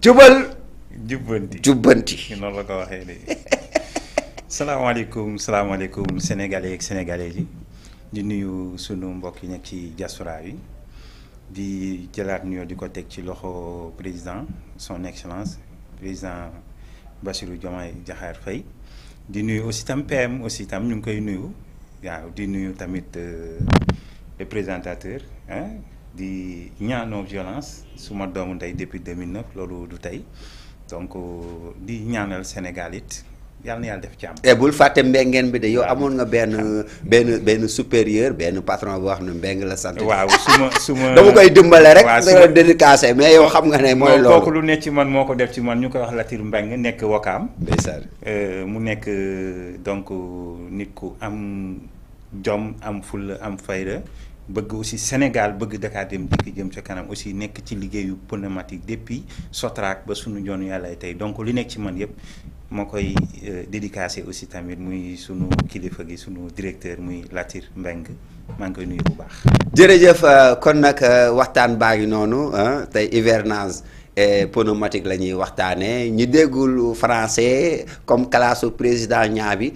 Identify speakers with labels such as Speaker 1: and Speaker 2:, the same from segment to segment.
Speaker 1: jubal. jubbanti jubbanti. noonu la ko waxee léegi salaamaaleykum salaamaaleykum sénégalais ak sénégalais yi di nuyu sunu mbokk yi nekk ci diaspora yi di jëlaat nuyoo di ko teg ci loxo président son excellence président basiru Diomaye Diakhar Faye di nuyu aussi tam PM aussi tam ñu ngi koy nuyu waaw di nuyu tamit euh, le présentateur hein di ñaan non violence suma doomu ndey depuis 2009 loolu du tey donc euh, di ñaanal Sénégal it yàlla na yàlla def jàmm. te eh,
Speaker 2: bul fàtte mbéngeen bi de yow amoon nga benn benn benn supérieur benn patron boo wax ne mbéng la sant. waaw su ma su ma dama koy dimbale rek. waaw su ma dédicacé mais yow xam nga ne. mooy loolu lu
Speaker 1: ne ci man moo ko def ci man ñu koy wax Latir Mbeng nekk Wakaam. ndeysaan euh, mu nekk euh, donc nit ku am jom am fulla am fayda. bëgg aussi Sénégal bëgg Dakar Dem Dikk jëm ca kanam aussi nekk ci liggéeyu pneumatique depuis Sotrac ba suñu joon yàlla tey donc lu nekk ci man yëpp moo koy euh, dédicacé aussi tamit muy suñu kilifa gi suñu directeur muy Latir Mbengue maa ngi koy nuyu bu baax.
Speaker 2: jërëjëf euh, kon nag euh, waxtaan baa ngi noonu tey hivernage. pneumatique la ñuy waxtaanee ñi déggul français comme classe président ñaa bi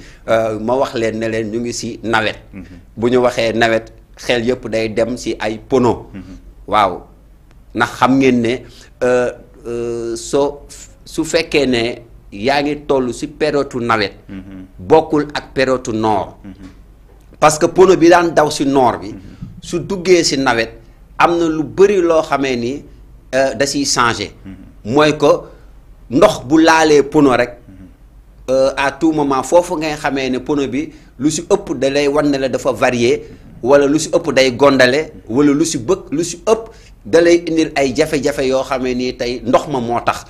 Speaker 2: ma wax leen ne leen ñu ngi si nawet. Mm-hmm. bu ñu waxee nawet. xel yëpp day dem si ay pono. waaw ndax xam ngeen ne euh, euh, soo su fekkee ne yaa ngi toll si période nawet. bokkul ak période noor. parce que pono bi daan daw si noor bi. su duggee si nawet am na lu bëri loo xamee ni euh, da siy changé. mooy ko ndox bu laalee pono rek. à tout moment foofu ngay xamee ne pono bi lu si ëpp da lay wan ne la dafa varier wala lu si ëpp day gondale wala lu si bëgg lu si ëpp dalay indil ay jafe-jafe yoo xamee ni tey ndox ma moo tax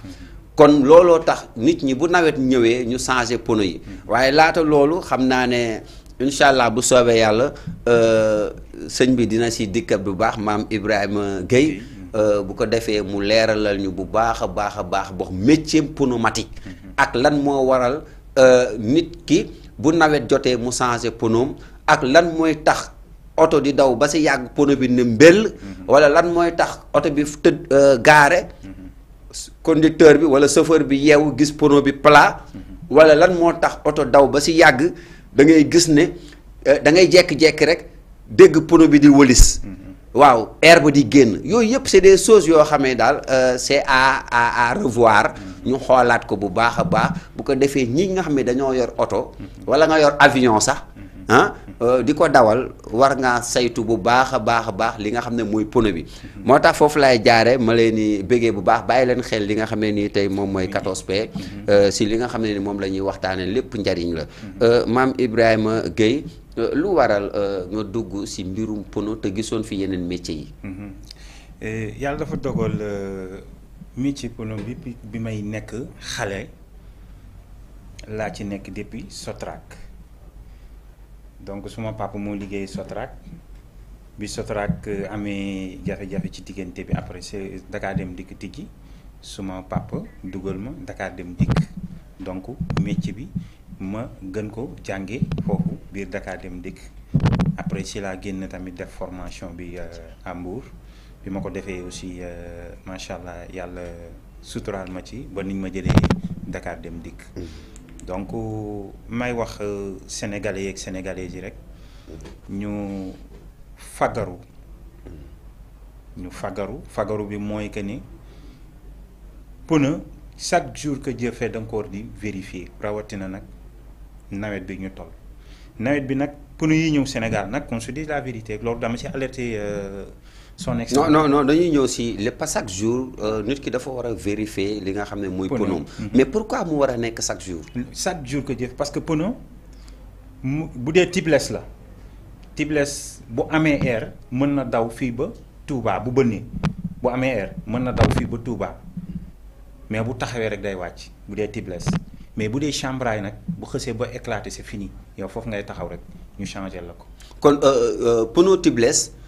Speaker 2: kon looloo tax nit ñi bu nawet ñëwee ñu changé pneu yi waaye laata loolu xam naa ne incha allah bu soobee yàlla euh, sëñ bi dina si dikkat bu baax maam Ibrahima Guèye euh, bu ko defee mu leeralal ñu bu baax a baax a baax box métier pneumatique mm-hmm. ak lan moo waral euh, nit ki bu nawet jotee mu changé pneu ak lan mooy tax oto di daw ba si yàgg pono bi ne mbéll mhm. wala lan mooy tax oto bi tëdd euh, gaare mhm. conducteur bi wala chauffeur bi yeew gis pono bi plat mhm. wala lan moo tax oto daw ba si yàgg da ngay gis ne euh, da ngay jekki-jekki rek dégg pono bi di wëlis waaw air ba di génn yooyu yëpp c'est des choses yoo xamee daal euh, c'est à à à revoir ñu xoolaat ko bu baax a baax bu ko defee ñii nga xam ne dañoo yor oto wala nga yor avion sax ah euh, di ko dawal war ngaa saytu bu baax a baax a baax li nga xam ne mooy pono bi moo tax foofu laay jaare ma leen ni bëggee bu baax bàyyi leen xel li nga xam ne nii tey moom mooy 14 euh, si li nga xam ne ni moom la ñuy waxtaane lépp njariñ la euh, maam Ibrahima Gueye lu waral nga dugg si mbirum pono te gisoon fi yeneen métier yi
Speaker 1: mm-hmm. yàlla dafa dogal métier pono bi bi may nekk xale laa ci nekk depuis Sotrac donc suma papa moo liggéey Sotrac bi Sotrac euh, amee jafe-jafe ci diggante bi après c'est Dakar dem dikk tijji suma papa dugal ma Dakar dem dikk donc métier bi ma gën ko jànge foofu biir Dakar dem dikk après si laa génn tamit def formation bi euh, à Mbour bi ma ko defee aussi euh, macha allah yàlla suturaal ma ci ba niñ ma jëlee Dakar dem dikk. Mm-hmm. donc may wax euh, sénégalais yeeg sénégalais yi rek ñu fagaru ñu fagaru fagaru bi mooy que ni pneu chaque jour que Dieu fait da nga rawatina nag nawet bi ñu toll nawet bi nag pneu yi ñëw Sénégal nag qu'on se dise la vérité loolu dama ci alerté. Euh, son excellence non non
Speaker 2: dañuy ñëw si le pas jour euh, nit ki dafa war a
Speaker 1: vérifier li nga xam ne muy pneu mhm. mais pourquoi mu war a nekk chaque jour chaque jour que jëf parce que pneu mu bu dee tubeless la tubeless bu amee air mën na daw fii ba Touba bu bënnee bu amee air mën na daw fii ba tuubaa mais bu taxawee rek day wàcc bu dee tubeless mais bu dee chambraille nag bu xësee ba éclate c'est fini yow foofu ngay taxaw rek ñu changé la ko kon pneu euh, tubeless